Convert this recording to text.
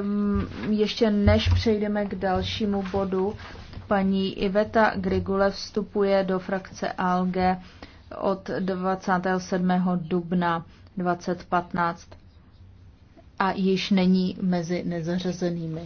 Um, ještě než přejdeme k dalšímu bodu, paní Iveta Grigule vstupuje do frakce ALG od 27. dubna 2015 a již není mezi nezařazenými.